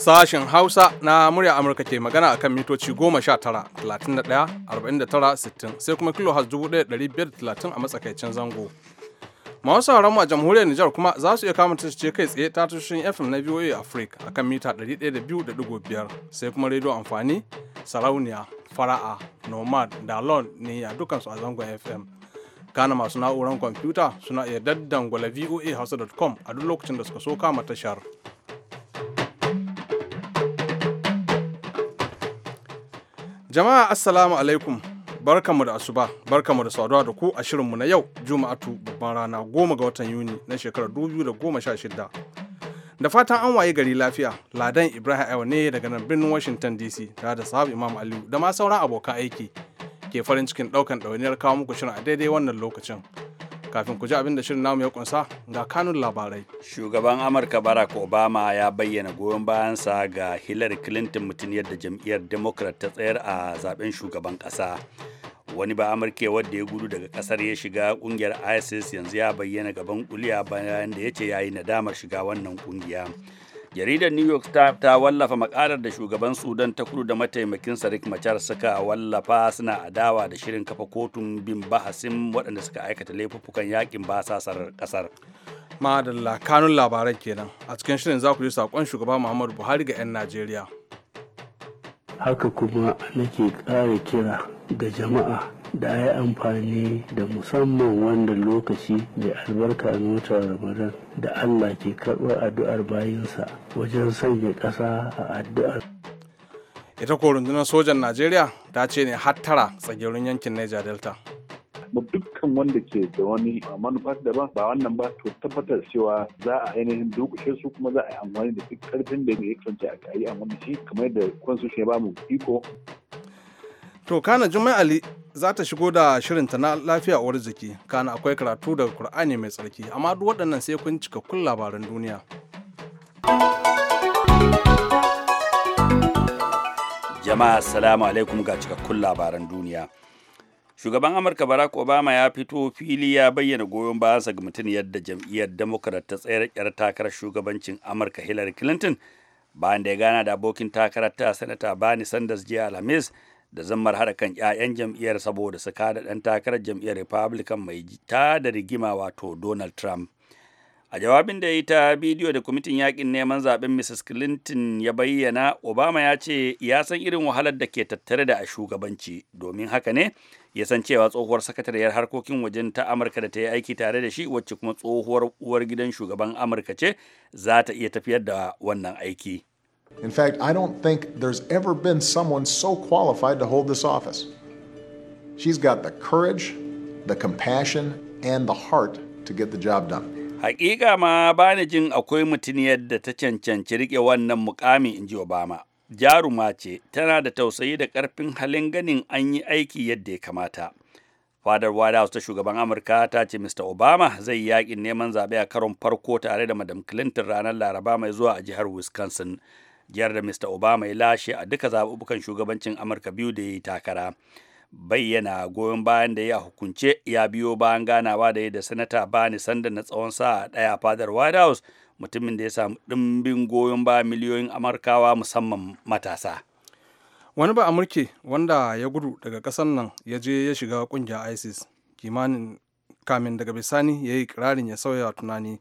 Sashen Hausa na murya Amurka ke magana a kan mitoci 19 31 60 sai kuma kilo 1530 a matsakaicin zango. Masu sauranmu a jamhuriyar Nijar kuma za su iya kama ce kai tsaye ta tushen FM na VOA Africa a kan mita 102.5 sai kuma rediyo amfani, sarauniya, fara'a, nomad, dalon, a dukansu a zangon FM. Kana masu na'uran kwamfuta suna iya daddangwala voahausa.com a duk lokacin da suka so kama tashar. Jama'a Assalamu alaikum. Barkanmu da asuba, barkanmu da saduwa da ku a shirinmu na yau Juma'atu babban rana goma ga watan Yuni na shekarar 2016. Da fatan an waye gari lafiya, Ladan Ibrahim Ayo ne daga nan birnin Washington DC tare da sahab Imam Aliyu da ma sauran abokan aiki ke farin cikin ɗaukan ɗawainiyar kawo muku shirin a daidai wannan lokacin. kafin ku ji abin da shirin namu ya kunsa ga kanun labarai. Shugaban Amurka Barack Obama ya bayyana goyon bayansa ga Hillary Clinton mutum yadda jam'iyyar Democrat ta tsayar a zaben shugaban ƙasa. Wani ba Amurka wadda ya gudu daga ƙasar ya shiga ƙungiyar ISIS yanzu ya bayyana gaban kuliya bayan da ya ce ya yi nadamar shiga wannan ƙungiya. jaridar new york ta, ta wallafa makarar da shugaban sudan ta kudu da mataimakin sarik machar suka wallafa suna adawa da shirin kafa kotun bin bahasin waɗanda suka aikata laifuffukan yakin basasar kasar madalla kanun labaran kenan a cikin shirin za ku ji sakon shugaba muhammadu buhari ga 'yan najeriya haka kuma nake ƙara kira ga jama'a da ya amfani da musamman wanda lokaci mai albarka na wata ramadan da allah ke karɓar addu'ar bayansa wajen sanya ƙasa a addu'ar ita ko rundunar sojan najeriya ta ce ne hattara tsagerin yankin niger delta ba dukkan wanda ke da wani manufa da ba wannan ba to tabbatar cewa za a ainihin dukushe su kuma za a yi amfani da duk karfin da ya kasance a kayi a da shi kamar yadda constitution ya ba mu iko To kana juma'a Ali za ta shigo da shirinta na lafiya uwar jiki, kana akwai karatu daga Kur'ani mai tsarki, amma duk waɗannan sai kun cikakkun labaran duniya. Jama'a salamu alaikum ga cikakkun labaran duniya. shugaban amurka barack obama ya fito fili ya bayyana goyon bayansa ga mutum yadda jam'iyyar democrat ta tsayar yar takarar shugabancin amurka hillary clinton bayan da ya gana da abokin takarar ta sanata bani sanders jiya alhamis da zammar hada kan 'ya'yan jam'iyyar saboda su kada dan takarar jam'iyyar republican mai ta da rigima wato donald trump a jawabin da ya yi ta bidiyo da kwamitin yakin neman zaben mrs clinton ya bayyana obama ya ce ya san irin wahalar da ke tattare da a shugabanci domin haka ne ya san cewa tsohuwar sakatariyar harkokin wajen ta amurka da ta yi aiki tare da shi wacce kuma tsohuwar uwar gidan shugaban amurka ce za ta iya tafiyar da wannan aiki in fact i don't think there's ever been someone so qualified to hold this office she's got the courage the compassion and the heart to get the job done Hakika ma bani jin akwai mutuniyar da ta cancanci rike wannan mukami in ji Obama. jaruma ce tana da tausayi da ƙarfin halin ganin an yi aiki yadda ya kamata fadar white house ta shugaban amurka ta ce mr obama zai yakin neman zaɓe a karon farko tare da madam clinton ranar laraba mai zuwa a jihar wisconsin jihar da mr obama ya lashe a duka zaɓuɓɓukan shugabancin amurka biyu da ya yi takara bayyana goyon bayan da ya hukunce ya biyo bayan ganawa da ya da sanata bani sanda na tsawon sa'a ɗaya fadar white house mutumin da ya samu ɗimbin goyon ba miliyoyin amurkawa musamman matasa wani ba amurke wanda ya gudu daga ƙasar nan ya je ya shiga ƙungiyar isis kimanin kamin daga bisani ya yi kirarin ya sauya tunani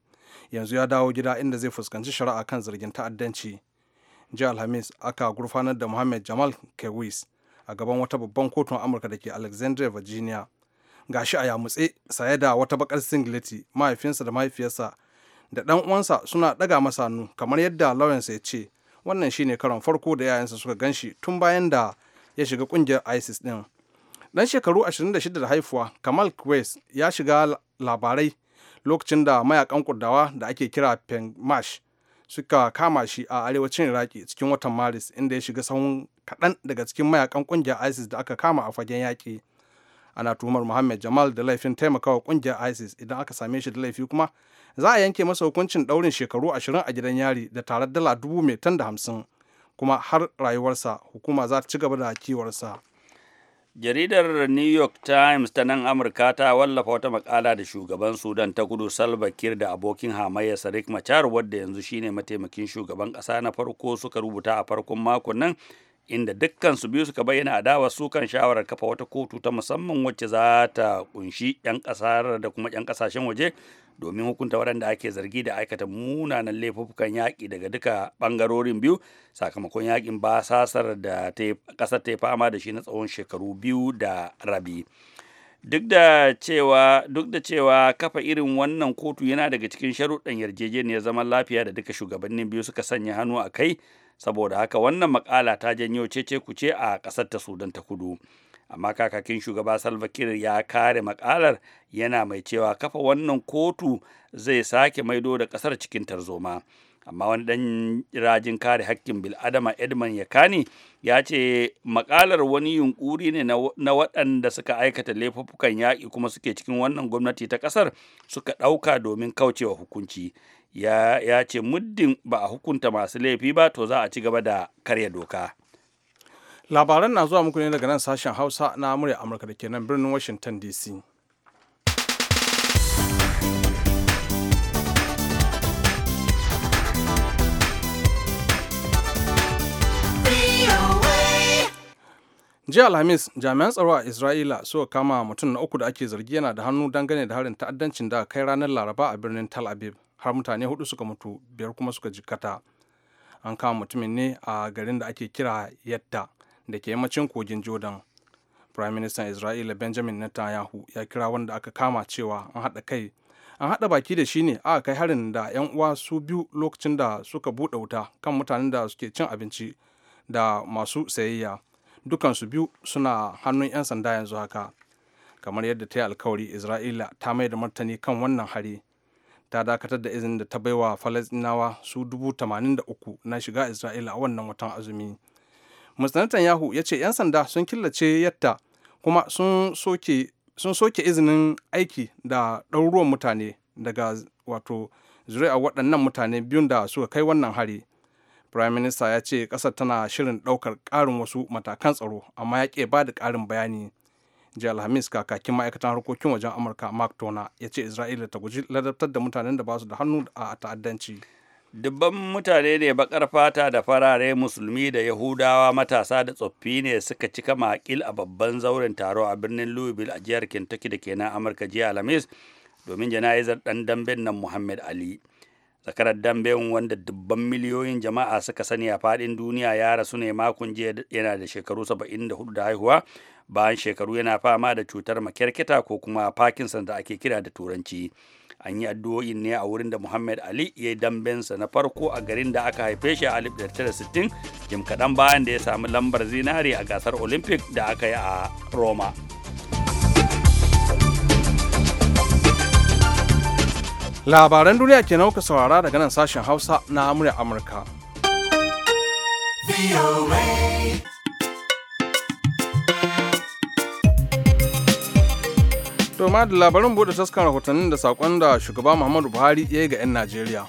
yanzu ya dawo gida inda zai fuskanci shari'a kan zargin ta'addanci jiya alhamis aka gurfanar da muhammad jamal kewis a gaban wata babban kotun amurka da ke alexandria virginia gashi a yamutse saye da wata bakar singileti mahaifinsa da mahaifiyarsa da ɗan uwansa suna ɗaga masa hannu kamar yadda lawrence ya ce wannan shine karon farko da yayansa suka ganshi tun bayan da ya shiga kungiyar isis ɗin. dan shekaru 26 da haifuwa kamal quest ya shiga labarai lokacin da mayakan kurdawa da ake kira pengmash suka kama shi a arewacin iraki cikin watan maris inda ya shiga sahun kaɗan daga cikin mayakan kungiyar isis da aka kama a fagen yaƙi ana tuhumar muhammad jamal da laifin taimakawa kungiyar isis idan aka same shi da laifi kuma za a yanke masa hukuncin daurin shekaru ashirin a gidan yari da tarar dala dubu mai tan da hamsin kuma har rayuwarsa hukuma za ta ci gaba da kiwarsa jaridar new york times ta nan amurka ta wallafa wata makala da shugaban sudan ta kudu salva kiir da abokin hamayya sarik machar wadda yanzu shine mataimakin shugaban kasa na farko suka rubuta a farkon makon nan inda dukkan su biyu suka bayyana adawa su kan shawarar kafa wata kotu ta musamman wacce za ta kunshi 'yan kasar da kuma 'yan kasashen waje domin hukunta waɗanda ake zargi da aikata munanan laifukan yaƙi daga duka ɓangarorin biyu sakamakon yaƙin basasar da ƙasar ta fama da shi na tsawon shekaru biyu da rabi. duk da cewa duk da cewa kafa irin wannan kotu yana daga cikin sharuɗan yarjejeniyar zaman lafiya da duka shugabannin biyu suka sanya hannu a kai saboda haka wannan makala ta janyo cece kuce a ƙasar ta sudan ta kudu amma kakakin shugaba salva kiir ya kare makalar yana mai cewa kafa wannan kotu zai sake maido da ƙasar cikin tarzoma amma wani dan rajin kare hakkin bil'adama edmund yakani ya ce makalar wani yunkuri ne na waɗanda suka aikata laifuffukan yaƙi kuma suke cikin wannan gwamnati ta ƙasar suka ɗauka domin kaucewa hukunci ya, ya ce muddin ba a hukunta masu laifi ba to za a ci gaba da karya doka labaran na zuwa muku ne daga nan sashen hausa na murya amurka da ke nan birnin washington dc jiya alhamis jami'an tsaro a isra'ila suka kama mutum na uku da ake zargi yana da hannu dangane da harin ta'addancin da kai ranar laraba a birnin tal aviv har mutane hudu suka mutu biyar kuma suka jikkata an kama mutumin ne a garin da ake kira yadda da ke yammacin kogin jordan prime minister isra'ila benjamin netanyahu ya kira wanda aka kama cewa an haɗa kai an haɗa baki da shi ne a kai harin da 'yan uwa su biyu lokacin da suka buɗe wuta kan mutanen da suke cin abinci da masu sayayya dukansu biyu suna hannun 'yan sanda yanzu haka kamar yadda ta yi alkawari isra'ila ta mai da martani kan wannan hari ta dakatar da izinin da ta baiwa falasɗinawa su dubu tamanin da uku na shiga isra'ila a wannan watan azumi musnatan yahu ya ce 'yan sanda sun killace yatta kuma sun soke izinin aiki da ɗaruruwan mutane daga wato zuri'a waɗannan mutane biyun da suka kai wannan hari prime minister ya ce ƙasar tana shirin ɗaukar ƙarin wasu matakan tsaro amma ya ke ba da ƙarin bayani jiya alhamis kakakin ma'aikatan harkokin wajen amurka mark tona ya ce isra'ila ta guji ladabtar da mutanen da ba su da hannu a ta'addanci dubban mutane ne bakar fata da farare musulmi da yahudawa matasa da tsoffi ne suka cika makil a babban zauren taro a birnin louisville a jihar kentucky da ke nan amurka jiya alhamis domin jana'izar dan damben nan muhammad ali zakarar damben wanda dubban miliyoyin jama'a suka sani a fadin duniya ya rasu ne makon jiya yana da shekaru hudu da haihuwa bayan shekaru yana fama da cutar makirkita ko kuma parkinson da ake kira da turanci an yi addu'o'in ne a wurin da muhammad ali ya yi dambensa na farko a garin da aka haife shi a 1960 jim kaɗan bayan da ya sami lambar zinare a gasar olympic da aka yi a roma labaran duniya ke nauka saurara daga nan sashen hausa na amurya amurka To da labarin bude taskan rahotannin da sakon da shugaba Muhammadu Buhari ya yi ga 'yan Najeriya.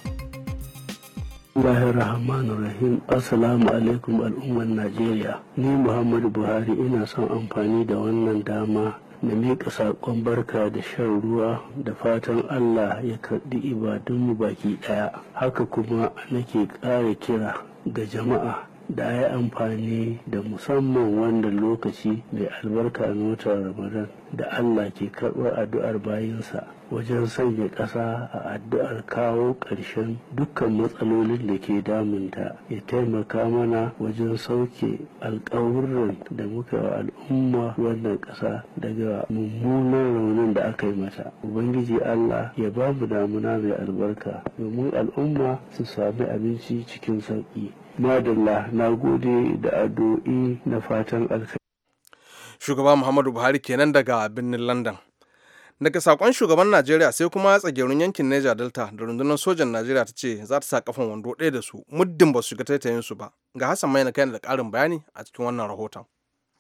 Bismillahir Rahim. Assalamu alaikum al'ummar Najeriya. Ni Muhammadu Buhari ina son amfani da wannan dama na miƙa saƙon barka da shan ruwa da fatan Allah ya karɓi ibadunmu baki ɗaya. Haka kuma nake ƙara kira ga jama'a da ya amfani da musamman wanda lokaci mai albarka a watan ramadan da allah ke karɓar addu'ar bayinsa wajen sanya ƙasa a addu'ar kawo ƙarshen dukkan matsalolin da ke damunta ya taimaka mana wajen sauke alƙawurran da muka wa al'umma wannan ƙasa daga mummunan raunin da aka yi mata ubangiji allah ya ba damuna mai albarka domin al'umma su sami abinci cikin sauƙi madalla na gode da addu'o'i na fatan alkai shugaba muhammadu buhari kenan daga birnin london daga sakon shugaban najeriya sai kuma tsagerun yankin niger delta da rundunar sojan najeriya ta ce za ta sa kafan wando ɗaya da su muddin ba su shiga taitayin su ba ga hassan mai na kai da ƙarin bayani a cikin wannan rahoton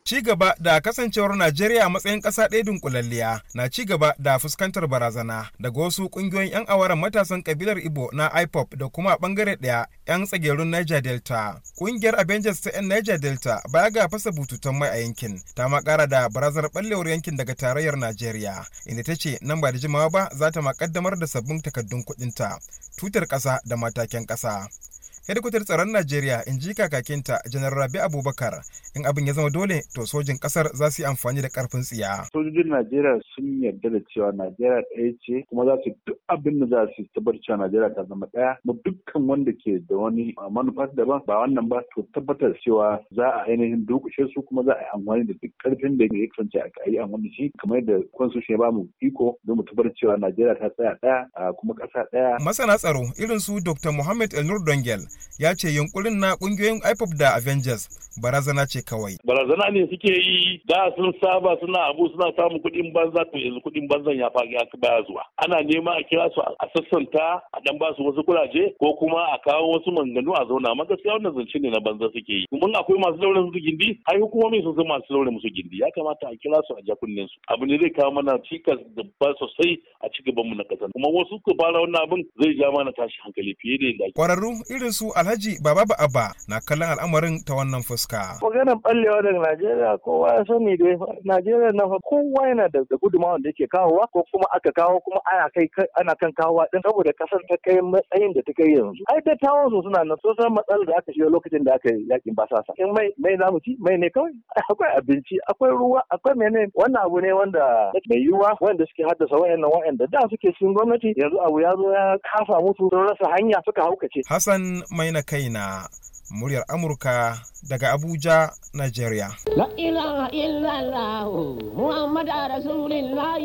Ci gaba da kasancewar Najeriya a matsayin ƙasa ɗaya dunkulalliya na ci gaba da fuskantar barazana daga wasu ƙungiyoyin 'yan awaran matasan kabilar Ibo na IPOP da kuma ɓangare ɗaya 'yan tsagerun Niger Delta. Ƙungiyar Avengers ta 'yan Niger Delta baya ga fasa bututun mai a yankin ta ma ƙara da barazanar ɓallewar yankin daga tarayyar Najeriya inda ta ce nan ba da jimawa ba za ta ma da sabbin takardun kuɗinta tutar ƙasa da matakin ƙasa. hedikwatar tsaron najeriya in ji kakakinta janar rabi abubakar in abin ya zama dole to sojin kasar za su yi amfani da karfin tsiya sojojin najeriya sun yarda da cewa najeriya ɗaya ce kuma za su duk abin da za su tabbatar cewa najeriya ta zama ɗaya mu dukkan wanda ke da wani manufa daban ba wannan ba to tabbatar cewa za a ainihin dukushe su kuma za a yi amfani da duk karfin da ya kasance a yi amfani shi kamar yadda constitution ya ba mu iko don mu tabbatar cewa najeriya ta tsaya ɗaya kuma ƙasa ɗaya masana tsaro irin su dr muhammad elnur dongel ya ce yunkurin na kungiyoyin IPOP da Avengers barazana ce kawai. Barazana ne suke yi da sun saba suna abu suna samun kuɗin banza to yanzu kuɗin banzan ya fagi aka baya zuwa. Ana nema a kira su a sassanta a dan ba su wasu kuraje ko kuma a kawo wasu manganu a zauna amma gaskiya wannan zance ne na banza suke yi. Mun akwai masu daure musu gindi ai hukumomi sun san masu daure musu gindi ya kamata a kira su a ja su. Abu ne zai kawo mana cikas da ba sosai a ci gaban mu na kasan. Kuma wasu ku fara wannan abin zai ja mana tashi hankali fiye da yadda. Kwararru irin su Alhaji Baba Abba na kallon al'amarin ta wannan fuska. Maganar ɓallewa daga Najeriya kowa ya sani da Najeriya na kowa yana da gudumawa da yake kawowa ko kuma aka kawo kuma ana kai ana kan kawowa din saboda kasar ta kai matsayin da ta kai yanzu. Ai da tawon su suna na sosai matsalar da aka shiga lokacin da aka yi yakin basasa. In mai mai zamu ci mai ne kawai akwai abinci akwai ruwa akwai menene? wannan abu ne wanda mai yiwuwa wanda suke haddasa wayannan wayanda da suke cikin gwamnati yanzu abu ya zo ya kafa mutu don rasa hanya suka haukace. Hassan maina kaina muryar Amurka daga Abuja, Nigeria. La ilaha illallah Muhammad Rasulullah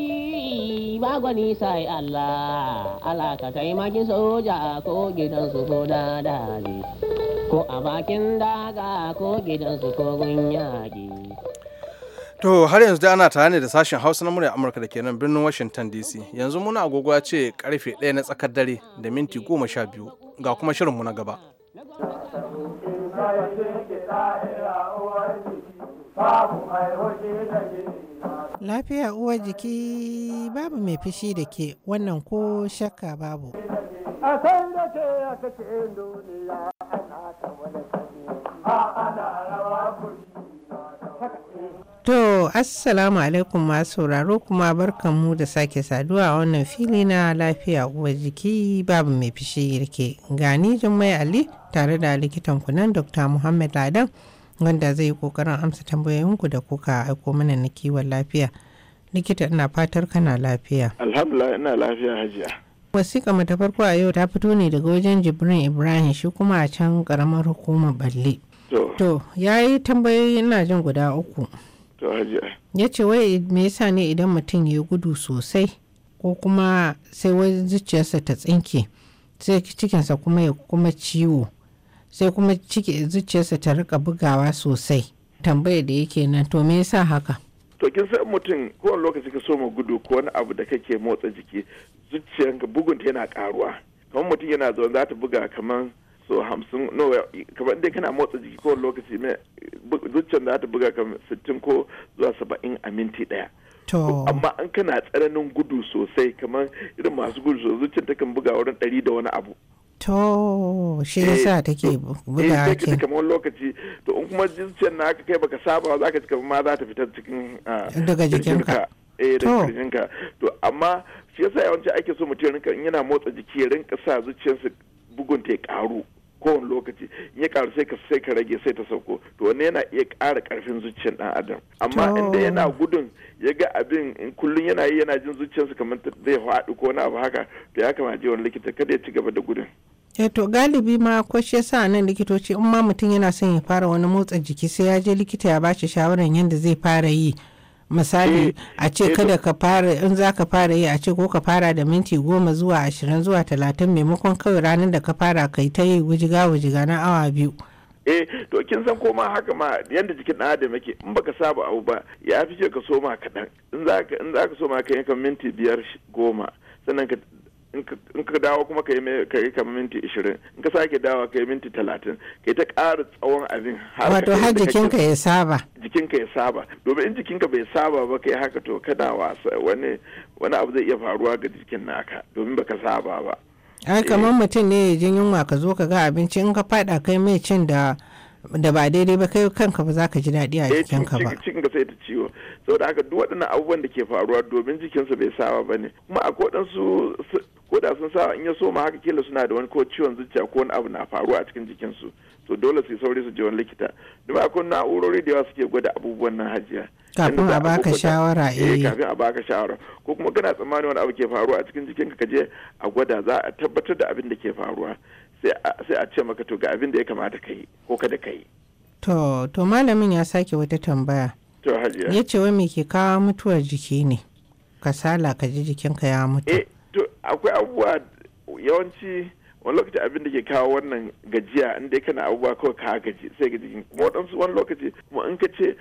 ba gwani Allah Allah taimakin soja ko gidansu ko dadali ko a bakin daga ko gidansu ko gun To har yanzu dai ana tare ne da sashen Hausa na murya Amurka da ke nan birnin Washington DC. Yanzu muna agogo ya ce karfe 1 na tsakar dare da minti goma sha biyu ga kuma shirinmu na gaba. Lafiya uwar jiki babu mai fushi da ke wannan ko shakka babu. a To, Assalamu alaikum masu sauraro kuma barkanmu da sake saduwa a wannan fili na lafiya uwa jiki babu mai fishi yake. Gani Jummai Ali tare da likitan kunan Dr. Muhammad Ladan wanda zai yi kokarin amsa tambayoyinku da kuka aiko mana na kiwon lafiya. Likita ina fatar kana lafiya. Alhamdulillah ina lafiya hajiya. Wasiƙa mu farko a yau ta fito ne daga wajen Jibrin Ibrahim shi kuma a can ƙaramar hukumar Balle. To, ya yi tambayoyi ina jin guda uku. ya ce wai me yasa ne idan mutum ya gudu sosai ko kuma sai wai zuciyarsa ta tsinke sai cikinsa kuma ya kuma ciwo sai kuma ciki zuciyarsa ta rika bugawa sosai tambaya da yake nan to me yasa haka to kin san mutum kowane lokaci ka so ma gudu ko wani abu da kake motsa jiki zuciyarka bugunta yana karuwa kamar mutum yana zaune za ta buga kamar so hamsin no kamar dai kana motsa jiki kowane lokaci zuciyar za ta buga kamar sittin ko zuwa saba'in a minti daya amma an kana tsananin gudu sosai kamar irin masu gudu sosai zuciyar takan buga wurin ɗari da wani abu to shi yasa take eh, eh, buga ke eh kamar wani lokaci to in kuma zuciyar na aka kai baka saba za ka ji kamar ma za ta fitar cikin ah, daga jikinka eh daga jikinka to amma shi yasa yawanci ake so mutum rinka in yana motsa jiki rinka sa zuciyarsa bugun ta ya karu kowane lokaci in ya karu sai ka sai ka rage sai ta sauko to wannan yana iya ƙara ƙarfin zuciyar ɗan adam amma inda yana gudun ya ga abin in kullum yana yi yana jin zuciyarsa kamar zai faɗi ko wani abu haka to ya kamata je wani likita kada ya ci gaba da gudun ya eh to galibi ma ko shi yasa nan likitoci in ma mutum yana son ya fara wani motsa jiki sai ya je likita ya bashi shawarar yadda zai fara yi misali eh, a ce eh, kada ka fara in za ka fara yi a ce ko ka fara da minti goma zuwa ashirin zuwa talatin maimakon kawai ranar da ka fara kai ta yi wujiga wujiga na awa biyu eh to kin san ko haka ma yanda jikin ɗan adam yake in baka saba abu ba ya fi ka soma kaɗan in za ka in za ka soma kan minti biyar goma sannan ka in ka dawo kuma ka yi kamar minti ishirin in ka sake dawo ka yi minti talatin ka yi ta ƙara tsawon abin har wato har jikinka ya saba jikinka ya saba domin in jikinka bai saba ba ka yi haka to da wasa wani wani abu zai iya faruwa ga jikin naka domin baka saba ba ai eh. kamar mutum ne ya jin yunwa ka zo ka ga abinci in ka fada kai mai cin da da ba daidai ba kai kanka ba za ka ji daɗi a eh, jikinka ba. Cikin ka sai ta ciwo. Saboda haka duk waɗannan abubuwan da ke faruwa domin jikinsa bai saba ba ne. Kuma akwai waɗansu ko da sun sa in ya so ma haka kila suna da wani ko ciwon zuciya ko wani abu na faruwa a cikin jikinsu to dole su sauri su je wani likita duk akwai na'urori da yawa suke gwada abubuwan nan hajiya kafin a baka shawara eh, eh kafin a baka shawara ko kuma kana tsammanin wani abu ke faruwa a cikin jikinka ka je a gwada za a tabbatar da abin da ke faruwa sai a ce maka to ga abin da ya kamata ka yi ko kada ka yi to to malamin ya sake wata tambaya to hajiya ya ce wai me ke kawo mutuwar jiki ne kasala ka ji jikinka ya mutu eh, akwai abubuwa yawanci wani lokaci abin da ke kawo wannan gajiya in dai kana abubuwa kawai ka gaji sai ga kuma waɗansu wani lokaci kuma in ka ce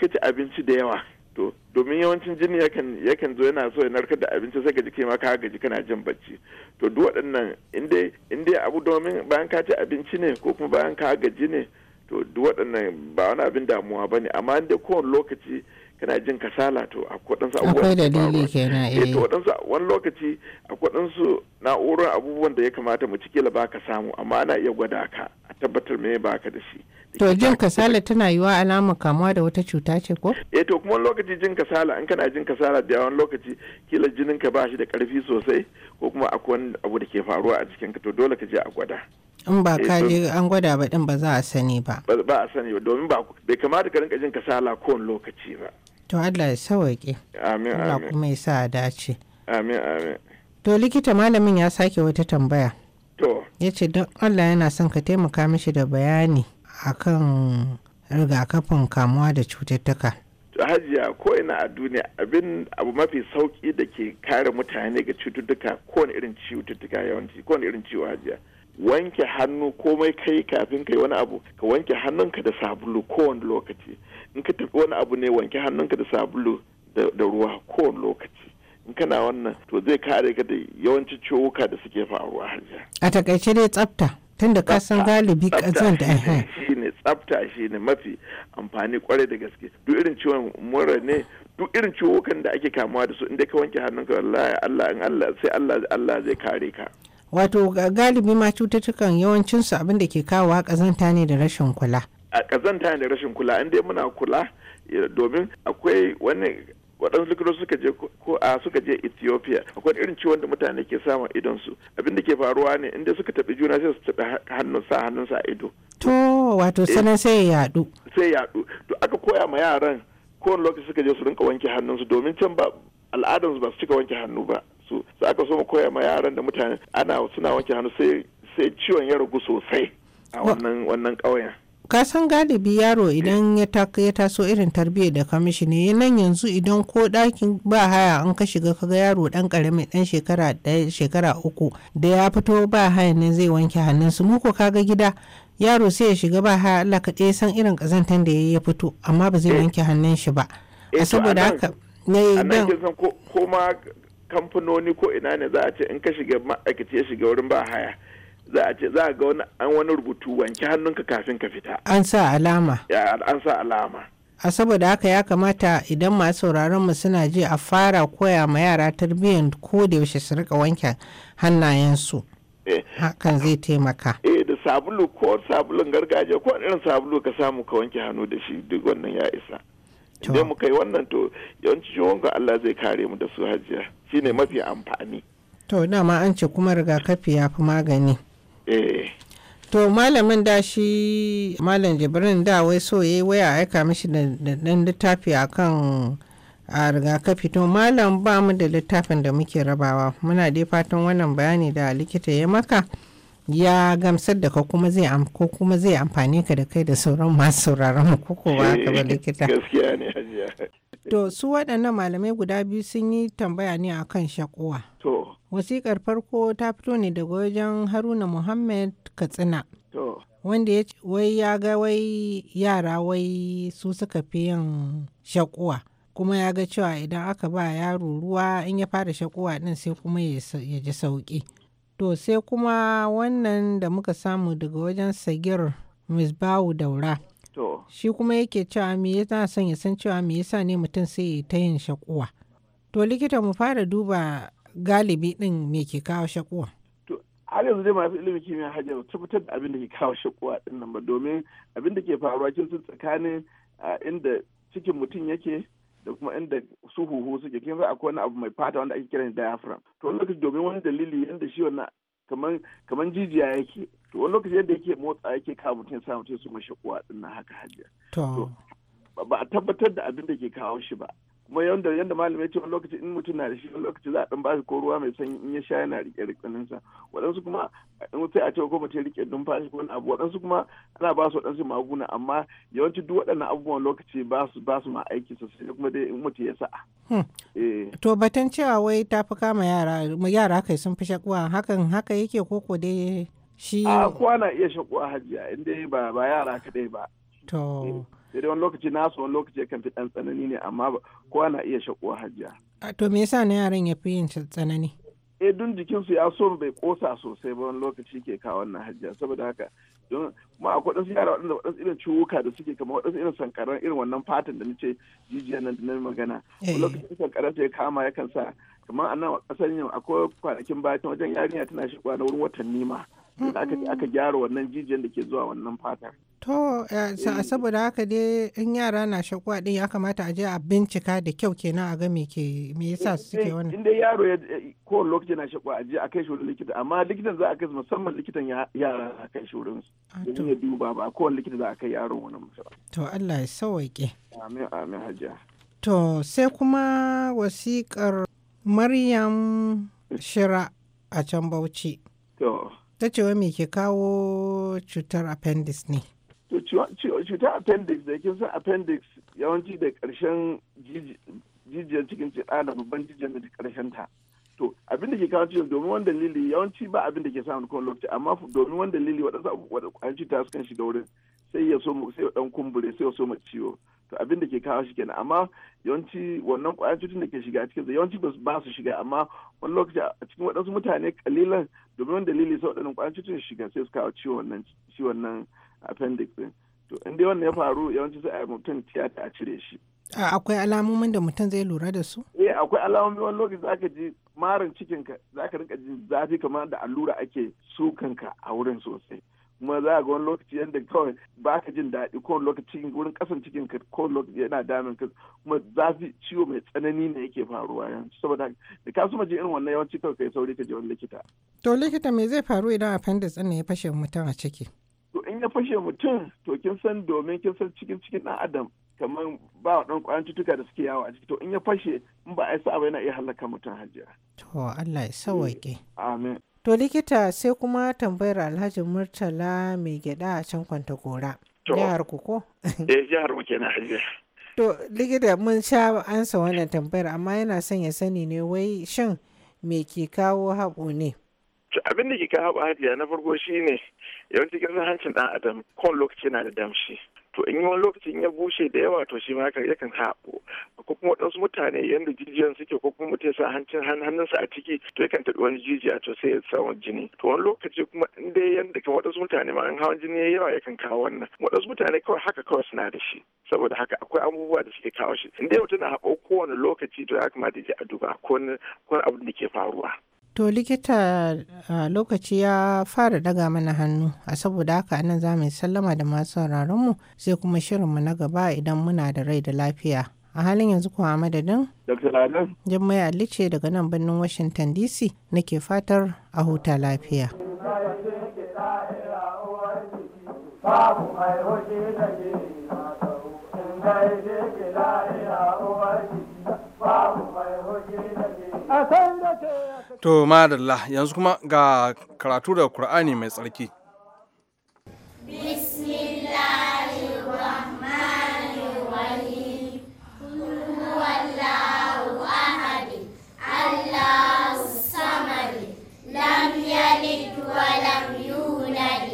ci abinci da yawa to domin yawancin jini yakan yakan zo yana so ya narkar da abinci sai gaji ji ma ka gaji kana jin bacci to duk waɗannan in dai in dai abu domin bayan ka ci abinci ne ko kuma bayan ka gaji ne to duk waɗannan ba wani abin damuwa ba ne amma dai kowane lokaci kana jin kasala to akwai waɗansu akwai da dalili kenan eh to eh. waɗansu wani lokaci akwai waɗansu na'urar abubuwan da ya kamata mu ci la baka samu amma ana iya gwada ka a tabbatar me baka da shi to jin kasala tana yiwa alama kamuwa da wata cuta ce ko eh to kuma lokaci jin kasala in kana jin kasala da yawan lokaci kila jinin ka ba shi da karfi sosai ko kuma akwai wani abu da ke faruwa a jikin ka to dole ka je a gwada in ba eh, ka je an gwada ba din ba za a sani ba ba a sani ba domin ba bai kamata ka rinka jin kasala kowane lokaci ba To Allah ya sawaƙe. Amin amin. Allah kuma ya sa a dace. Amin amin. To likita malamin ya sake wata tambaya. To. Ya ce don Allah yana son ka taimaka mishi da bayani akan rigakafin kamuwa da cututtuka. To hajiya ko ina a duniya abin abu mafi sauki da ke kare mutane ga cututtuka kowane irin cututtuka yawanci ko irin ciwo hajiya wanke hannu komai kai kafin kai wani abu ka wanke hannunka da sabulu kowane lokaci in ka tafi wani abu ne wanke hannunka da sabulu da ruwa kowane lokaci in kana wannan to zai kare ka da yawanci ciwuka da suke faruwa hajiya a takaice dai tsafta tunda ka san galibi kazan da shi ne tsafta shi ne eh, eh. mafi amfani kwarai da gaske duk irin ciwon mura ne duk irin ciwukan da ake kamuwa da su inda ka wanke hannunka wallahi Allah in Allah sai Allah Allah zai kare ka wato galibi ma cututtukan yawancinsu abin da ke kawo kazanta ne da rashin kula a kazanta ne da rashin kula inda dai muna kula domin akwai wani waɗansu likitoci suka je ko a suka je Ethiopia akwai irin ciwon da mutane ke samu idon su abin da ke faruwa ne inda suka taɓi juna sai su taɓi hannun sa hannun sa a ido to wato eh. sanan sai ya yaɗu sai ya yaɗu to aka koya ma yaran kowane lokaci suka je su rinka wanke hannunsu domin can ba al'adansu ba su cika wanke hannu ba su aka so mu koya ma yaran da mutane ana suna wanke hannu sai sai ciwon ya ragu sosai a wannan wannan ƙauyen ka san galibi yaro idan ya taso irin tarbiyyar da kamishi ne nan yanzu idan ko ɗakin ba haya an ka shiga kaga yaro dan karami dan shekara ɗaya shekara uku da ya fito ba haya ne zai wanke hannunsu mu ko kaga gida yaro sai ya shiga ba haya Allah ka san irin kazantan da ya fito amma ba zai eh. wanke hannun shi ba a eh, saboda haka ne ko ma kamfanoni ko ina ne za a ce in ka shiga ma'aikaci ya shiga wurin ba haya za a ce za a ga wani an wani rubutu wanke hannunka kafin ka fita an sa alama an sa alama a saboda haka ya kamata idan masu sauraron mu suna ji a fara koya ma yara tarbiyyar ko da yaushe su rika wanke hannayensu eh. hakan zai taimaka eh da sabulu ko sabulun gargajiya ko irin sabulu ka samu ka wanke hannu da shi duk wannan ya isa idan mu kai wannan to yawanci Allah zai kare mu da su hajiya shine mafi amfani to dama an ce kuma rigakafi ya fi magani eh to malamin da shi malam jibrin da wai so yayi waya aika mishi da dan littafi akan a rigakafi to malam ba mu da littafin da muke rabawa muna dai fatan wannan bayani da likita ya maka ya gamsar da ka kuma zai ko kuma zai amfani ka da kai da sauran masu sauraron mu ko kowa ka ba eh, likita to su waɗannan malamai guda biyu sun yi tambaya ne akan shakuwa to wasiƙar farko ta fito ne daga wajen Haruna Muhammad Katsina to wanda ya wai ya ga wai yara wai su suka fi yin shakuwa kuma ya ga cewa idan aka ba yaro ruwa in ya fara shakuwa din sai kuma ya ji sauki To sai kuma wannan da muka samu daga wajen Sagir misbawu Daura. Shi kuma yake cewa me yasa son ya san cewa me yasa ne mutum sai ta yin shakuwa. To likita mu fara duba galibi din me ke kawo shakuwa. To har yanzu dai masu ilimin kimiyya hajjar tabbatar da abin da ke kawo shakuwa din nan ba domin abin da ke faruwa kin tsakanin inda cikin mutum yake da kuma inda su huhu suke kin akwai wani abu mai fata wanda ake kiran diaphragm to wani lokaci domin wani dalili yanda shi wannan kaman kaman jijiya yake to wani lokaci yadda yake motsa yake kawo mutum sa mutum su mashi kuwa din haka hajjia to ba a tabbatar da abin da ke kawo shi ba kuma yadda yadda malamai ya ce wani lokaci in mutum na da shi wani lokaci za a dan bashi ko ruwa mai sanyi in ya sha yana riƙe-riƙe rikinin sa waɗansu kuma in sai a ce ko mutum rike numfashi ko wani abu waɗansu kuma ana ba su waɗansu maguna amma yawanci duk waɗannan abubuwan lokaci ba su ma aiki sosai kuma dai in mutum ya sa'a. Hmm. Eh. to batun cewa wai ta fi kama yara yara kai sun fi shakuwa hakan haka yake ko dai shi. a kowa na iya shakuwa hajiya in dai ba yara kaɗai ba. to. Eh. sai dai wani lokaci nasu wani lokaci yakan fi ɗan tsanani ne amma kowa na iya shakuwa hajiya. a to me yasa na yaran ya fi yin tsanani. eh dun jikinsu ya so bai kosa sosai ba wani lokaci ke kawo wannan hajiya saboda haka don ma akwai yara waɗanda waɗansu irin ciwuka da suke kamar waɗansu irin sankaran irin wannan fatan da nace jijiyar nan da na magana wani eh. lokacin sankaran ta ya kama yakan sa kamar a nan a ƙasar yau akwai kwanakin baya wajen yarinya tana shigowa na wurin watanni ma aka gyara wannan jijiyan da ke zuwa wannan fatar to eh, eh. saboda haka dai in yara na shakuwa din ya kamata a je a bincika da kyau kenan a ga me ke me yasa suke eh, wannan in dai yaro ya ko lokaci na shakuwa a je a kai shi likita amma likitan za a kai musamman likitan yara a kai shi wurin su ah, domin ya duba ba kowane likita za a kai yaro wani musamman to Allah ya sauwaƙe amin amin hajiya to sai kuma wasiƙar Maryam Shira a can Bauchi to ta cewa me ke kawo cutar appendix ne cutar appendix da kin san appendix yawanci da ƙarshen jijiyar cikin cikin da babban jijiyar da ƙarshen ta to abin da ke kawo ciwon domin wani dalili yawanci ba abin da ke samun kowane lokaci amma domin wani dalili waɗansu kwayan cuta sukan shiga wurin sai ya so sai ya dan kumbure sai ya so ciwo to abin da ke kawo shi kenan amma yawanci wannan kwayan cutun da ke shiga cikin sa yawanci ba su shiga amma wani lokaci a cikin waɗansu mutane kalilan domin wani dalili sai waɗannan kwayan cutun shiga sai su kawo ciwon nan ciwon nan appendix din to in dai wannan ya faru yawanci sai a mutum tiyata a cire shi a akwai alamomin da mutum zai lura da su eh akwai alamomi wani lokaci zaka ji marin cikin ka zaka rinka jin zafi kamar da allura ake sukan ka a wurin sosai kuma za ga wani lokaci yadda kawai ba ka jin daɗi ko lokaci wurin kasan cikin ka ko lokaci yana damin ka kuma zafi ciwo mai tsanani ne yake faruwa yanzu saboda da ka suma ji irin wannan yawanci kawai kai sauri ka je wani likita. to likita me zai faru idan appendix ɗin ya fashe mutum a ciki. to in ya fashe mutum to kin san domin kin san cikin cikin ɗan adam kamar ba wa ɗan ƙwayan cutuka da suke yawo a ciki to in ya fashe in ba a yi sa'a ba yana iya halaka mutum hajiya. to Allah ya sawaƙe. amin. To likita sai kuma tambayar Alhaji Murtala mai gyada a can kwanta gora. Jihar ku ko? Eh, jihar mu kenan To likita mun sha ansa wannan tambayar amma yana son ya sani ne wai shin me ke kawo haɓo ne? Abin da ke kawo haɓo na farko shine yawanci kasar hancin dan adam kowane lokaci na da damshi. to in wani lokacin ya bushe da yawa to shi ma yakan haɓo ko kuma waɗansu mutane yadda jijiyan suke ko kuma mutum sa hancin hannunsa a ciki to yakan taɓi wani jijiya to sai ya samu jini to wani lokaci kuma in dai yadda kan waɗansu mutane ma in hawan jini ya yawa yakan kawo wannan waɗansu mutane kawai haka kawai suna da shi saboda haka akwai abubuwa da suke kawo shi in dai mutum na haɓo kowane lokaci to ya kamata ya je a duba ko wani abu da ke faruwa. To likita a lokaci ya fara daga mana hannu a saboda haka nan za mu sallama da masu sauraronmu, sai kuma shirinmu na gaba idan muna da rai da lafiya. A halin yanzu kuwa madadin? Dr. Adam. Ali daga nan birnin Washington DC nake fatar a huta lafiya. Babu mai hoji da ke na in ke To madalla yanzu kuma ga karatu da Kur'ani mai tsarki. Bismillahirrahmanirrahim. Kul huwallahu ahad. Allahu samad. Lam yalid wa lam yulad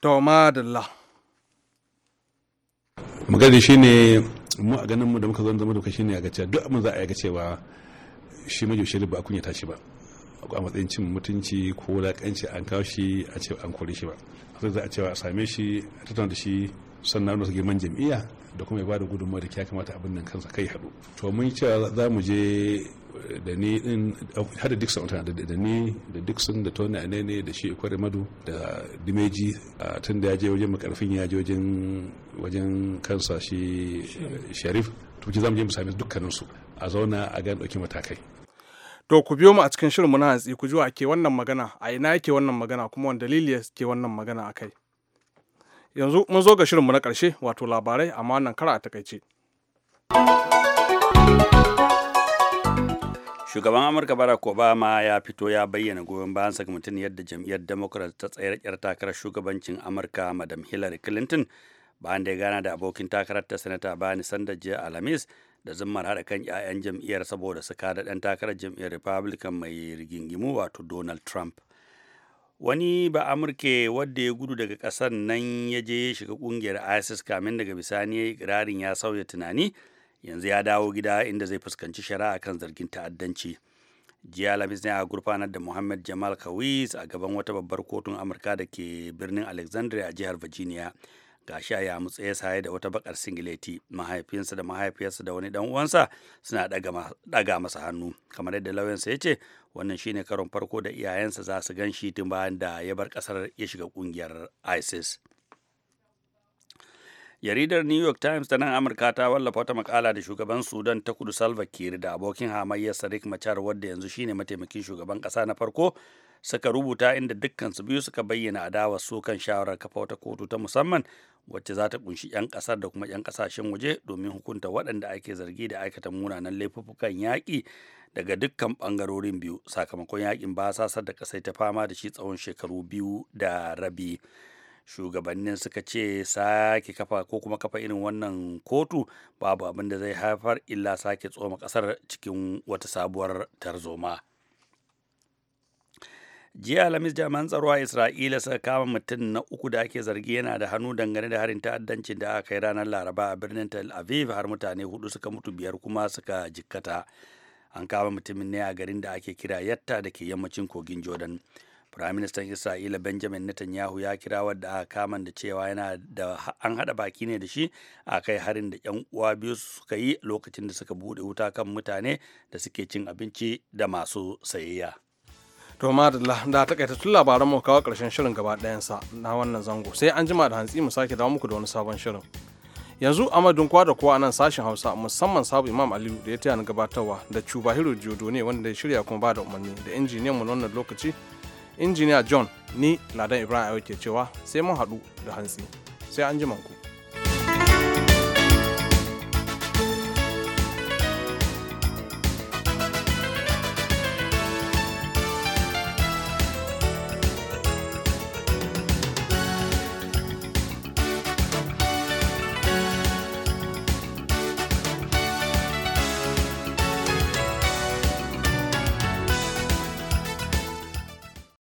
to madalla magana shine mu a ganin mu da muka zo zama doka shine a gaciya duk abin za a yi cewa shi majo shiri ba a kunyata shi ba a matsayin cin mutunci ko wulakanci an kawo shi a ce an kore shi ba a za a cewa a same shi a tattauna da shi sannan nuna girman jam'iyya da kuma ya bada gudunmawa da ya kamata abin nan kansa kai haɗu to mun cewa za mu je eh, da ni din hada Dixon tana da ni da Dixon da Tony Anene da shi Ikware Madu da Dimeji tun da ya je wajen makarfin ya je wajen wajen kansa shi eh, Sharif to ki mu je mu sami dukkanin su a zauna a ga dauki matakai to ku biyo mu a cikin shirin mu na hantsi ku ji wa ke wannan magana a ina yake wannan magana kuma wani dalili ke wannan magana akai yanzu mun zo ga shirinmu na ƙarshe wato labarai amma wannan kara a takaice shugaban amurka barack obama ya fito ya bayyana goyon bayan mutum yadda jam'iyyar democrat ta tsayar yar takarar shugabancin amurka madam hillary clinton bayan da ya gana da abokin takarar ta sanata bani sanda jiya alhamis da zimmar hada kan 'ya'yan jam'iyyar saboda su kada ɗan takarar jam'iyyar republican mai rigingimu wato donald trump wani ba amurke wadda ya gudu daga ƙasar nan ya je ya shiga ƙungiyar isis kamin daga bisani ya ikirarin ya sauya tunani yanzu ya dawo gida inda zai fuskanci shari'a kan zargin ta'addanci jiya lamis ne a gurfanar da muhammad jamal kawis a gaban wata babbar kotun amurka da ke birnin alexandria a jihar virginia gashi a ya mutse ya saye da wata bakar singileti mahaifinsa da mahaifiyarsa da wani dan uwansa suna daga masa hannu kamar yadda lauyansa ya ce wannan shine karon farko da iyayensa za su gan shi tun bayan da ya bar kasar ya shiga kungiyar isis jaridar new york times ta nan amurka ta wallafa wata makala da shugaban sudan ta kudu salva kiir da abokin hamayya sarik machar wadda yanzu shine mataimakin shugaban kasa na farko suka rubuta inda dukkan su biyu suka bayyana adawar su kan shawarar kafa wata kotu ta musamman wacce za ta kunshi 'yan kasar da kuma 'yan kasashen waje domin hukunta waɗanda ake zargi da aikata munanan laifuffukan yaƙi daga dukkan ɓangarorin biyu sakamakon yaƙin basasar da kasai ta fama da shi tsawon shekaru biyu da rabi shugabannin suka ce sake kafa ko kuma kafa irin wannan kotu babu abin da zai haifar illa sake tsoma ƙasar cikin wata sabuwar tarzoma. jiya alhamis jami'an tsaro a isra'ila suka kama mutum na uku da ake zargi yana da hannu dangane da harin ta'addancin da aka kai ranar laraba a birnin tel aviv har mutane hudu suka mutu biyar kuma suka jikkata an kama mutumin ne a garin da ake kira yatta da ke yammacin kogin jordan Firaministan Isra'ila Benjamin Netanyahu ya kira wadda aka kama da cewa yana da an haɗa baki ne da shi a kai harin da 'yan uwa biyu suka yi lokacin da suka buɗe wuta kan mutane da suke cin abinci da masu sayayya. to madalla da tun labaran mu kawo karshen shirin gaba sa na wannan zango sai an jima da hantsi mu sake dawo muku da wani sabon shirin yanzu amadun kwa da kuwa nan sashen hausa musamman sabu imam aliyu da ya taya ni gabatarwa da cubahiro jodo ne wanda ya shirya kuma ba da umarni da injiniyan mu wannan lokaci injiniya john ni ladan ibrahim ayo ke cewa sai mun haɗu da hantsi sai an jima ku